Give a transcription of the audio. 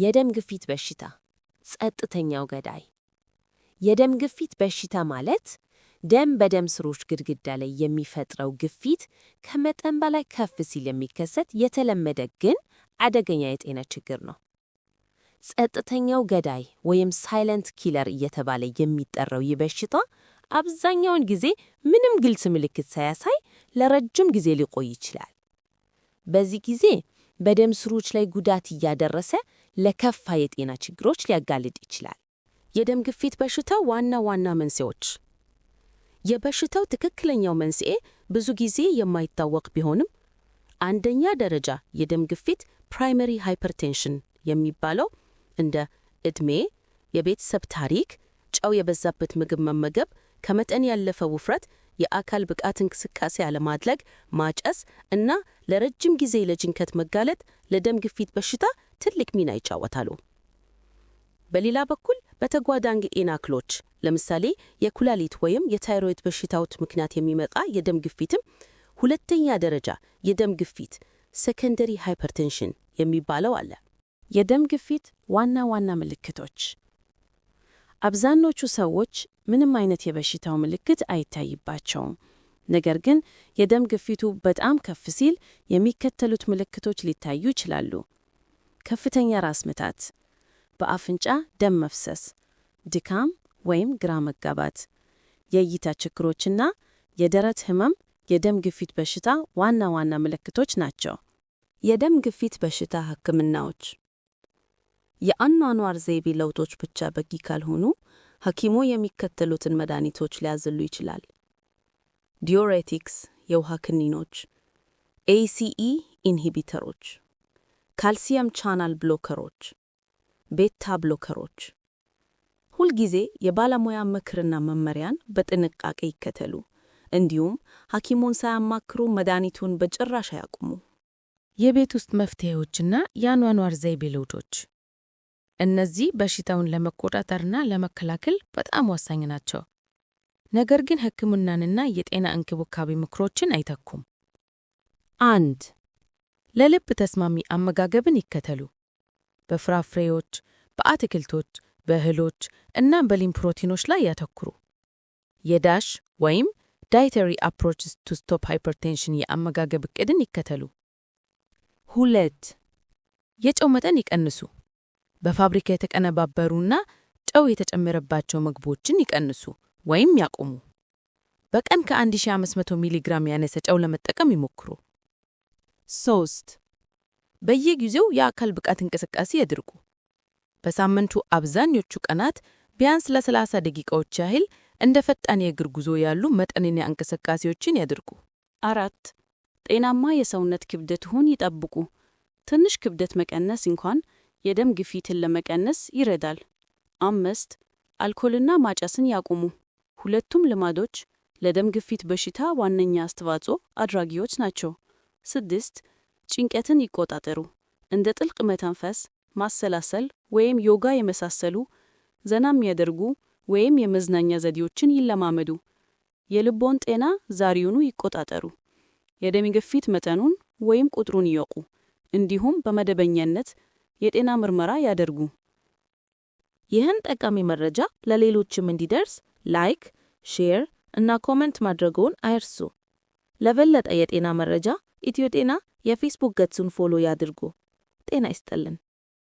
የደም ግፊት በሽታ ጸጥተኛው ገዳይ። የደም ግፊት በሽታ ማለት ደም በደም ስሮች ግድግዳ ላይ የሚፈጥረው ግፊት ከመጠን በላይ ከፍ ሲል የሚከሰት የተለመደ ግን አደገኛ የጤና ችግር ነው። ጸጥተኛው ገዳይ ወይም ሳይለንት ኪለር እየተባለ የሚጠራው ይህ በሽታ አብዛኛውን ጊዜ ምንም ግልጽ ምልክት ሳያሳይ ለረጅም ጊዜ ሊቆይ ይችላል። በዚህ ጊዜ በደም ስሮች ላይ ጉዳት እያደረሰ ለከፋ የጤና ችግሮች ሊያጋልጥ ይችላል። የደም ግፊት በሽታው ዋና ዋና መንስኤዎች የበሽታው ትክክለኛው መንስኤ ብዙ ጊዜ የማይታወቅ ቢሆንም አንደኛ ደረጃ የደም ግፊት ፕራይመሪ ሃይፐርቴንሽን የሚባለው እንደ ዕድሜ፣ የቤተሰብ ታሪክ፣ ጨው የበዛበት ምግብ መመገብ ከመጠን ያለፈ ውፍረት፣ የአካል ብቃት እንቅስቃሴ አለማድረግ፣ ማጨስ እና ለረጅም ጊዜ ለጅንከት መጋለጥ ለደም ግፊት በሽታ ትልቅ ሚና ይጫወታሉ። በሌላ በኩል በተጓዳኝ የጤና እክሎች ለምሳሌ የኩላሊት ወይም የታይሮይድ በሽታዎች ምክንያት የሚመጣ የደም ግፊትም ሁለተኛ ደረጃ የደም ግፊት ሴከንደሪ ሃይፐርቴንሽን የሚባለው አለ። የደም ግፊት ዋና ዋና ምልክቶች አብዛኞቹ ሰዎች ምንም አይነት የበሽታው ምልክት አይታይባቸውም። ነገር ግን የደም ግፊቱ በጣም ከፍ ሲል የሚከተሉት ምልክቶች ሊታዩ ይችላሉ። ከፍተኛ ራስ ምታት፣ በአፍንጫ ደም መፍሰስ፣ ድካም ወይም ግራ መጋባት፣ የእይታ ችግሮችና የደረት ህመም የደም ግፊት በሽታ ዋና ዋና ምልክቶች ናቸው። የደም ግፊት በሽታ ህክምናዎች የአኗኗር ዘይቤ ለውጦች ብቻ በቂ ካልሆኑ ሐኪሞ የሚከተሉትን መድኃኒቶች ሊያዝሉ ይችላል። ዲዮሬቲክስ የውሃ ክኒኖች፣ ኤሲኢ ኢንሂቢተሮች፣ ካልሲየም ቻናል ብሎከሮች፣ ቤታ ብሎከሮች። ሁልጊዜ የባለሙያ ምክርና መመሪያን በጥንቃቄ ይከተሉ። እንዲሁም ሐኪሙን ሳያማክሩ መድኃኒቱን በጭራሽ አያቁሙ። የቤት ውስጥ መፍትሄዎችና የአኗኗር ዘይቤ ለውጦች እነዚህ በሽታውን ለመቆጣጠርና ለመከላከል በጣም ወሳኝ ናቸው። ነገር ግን ሕክምናንና የጤና እንክብካቤ ምክሮችን አይተኩም። አንድ ለልብ ተስማሚ አመጋገብን ይከተሉ። በፍራፍሬዎች፣ በአትክልቶች፣ በእህሎች እና በሊም ፕሮቲኖች ላይ ያተኩሩ። የዳሽ ወይም ዳይተሪ አፕሮችስ ቱ ስቶፕ ሃይፐርቴንሽን የአመጋገብ እቅድን ይከተሉ። ሁለት የጨው መጠን ይቀንሱ። በፋብሪካ የተቀነባበሩና ጨው የተጨመረባቸው ምግቦችን ይቀንሱ ወይም ያቆሙ። በቀን ከ1500 ሚሊ ግራም ያነሰ ጨው ለመጠቀም ይሞክሩ። ሶስት በየጊዜው የአካል ብቃት እንቅስቃሴ ያድርጉ። በሳምንቱ አብዛኞቹ ቀናት ቢያንስ ለ30 ደቂቃዎች ያህል እንደ ፈጣን የእግር ጉዞ ያሉ መጠነኛ እንቅስቃሴዎችን ያድርጉ። አራት ጤናማ የሰውነት ሁን ይጠብቁ። ትንሽ ክብደት መቀነስ እንኳን የደም ግፊትን ለመቀነስ ይረዳል። አምስት አልኮልና ማጨስን ያቁሙ። ሁለቱም ልማዶች ለደም ግፊት በሽታ ዋነኛ አስተዋጽኦ አድራጊዎች ናቸው። ስድስት ጭንቀትን ይቆጣጠሩ። እንደ ጥልቅ መተንፈስ፣ ማሰላሰል ወይም ዮጋ የመሳሰሉ ዘና የሚያደርጉ ወይም የመዝናኛ ዘዴዎችን ይለማመዱ። የልቦን ጤና ዛሬውኑ ይቆጣጠሩ። የደም ግፊት መጠኑን ወይም ቁጥሩን ይወቁ። እንዲሁም በመደበኛነት የጤና ምርመራ ያደርጉ። ይህን ጠቃሚ መረጃ ለሌሎችም እንዲደርስ ላይክ፣ ሼር እና ኮመንት ማድረገውን አይርሱ። ለበለጠ የጤና መረጃ ኢትዮ ጤና የፌስቡክ ገጹን ፎሎ ያድርጉ። ጤና ይስጥልን።